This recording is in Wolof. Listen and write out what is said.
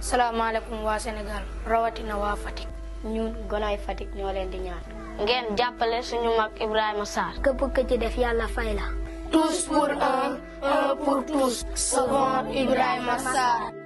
salaamaaleykum waa Sénégal rawatina waa Fatick. ñun gonaay Fatick ñoo leen di ñaan. ngeen jàppale suñu mag Ibrahima Sarr. képp ku ci def yàlla fay la. tous pour un, un pour tous. Sauvons Ibrahima Sarr.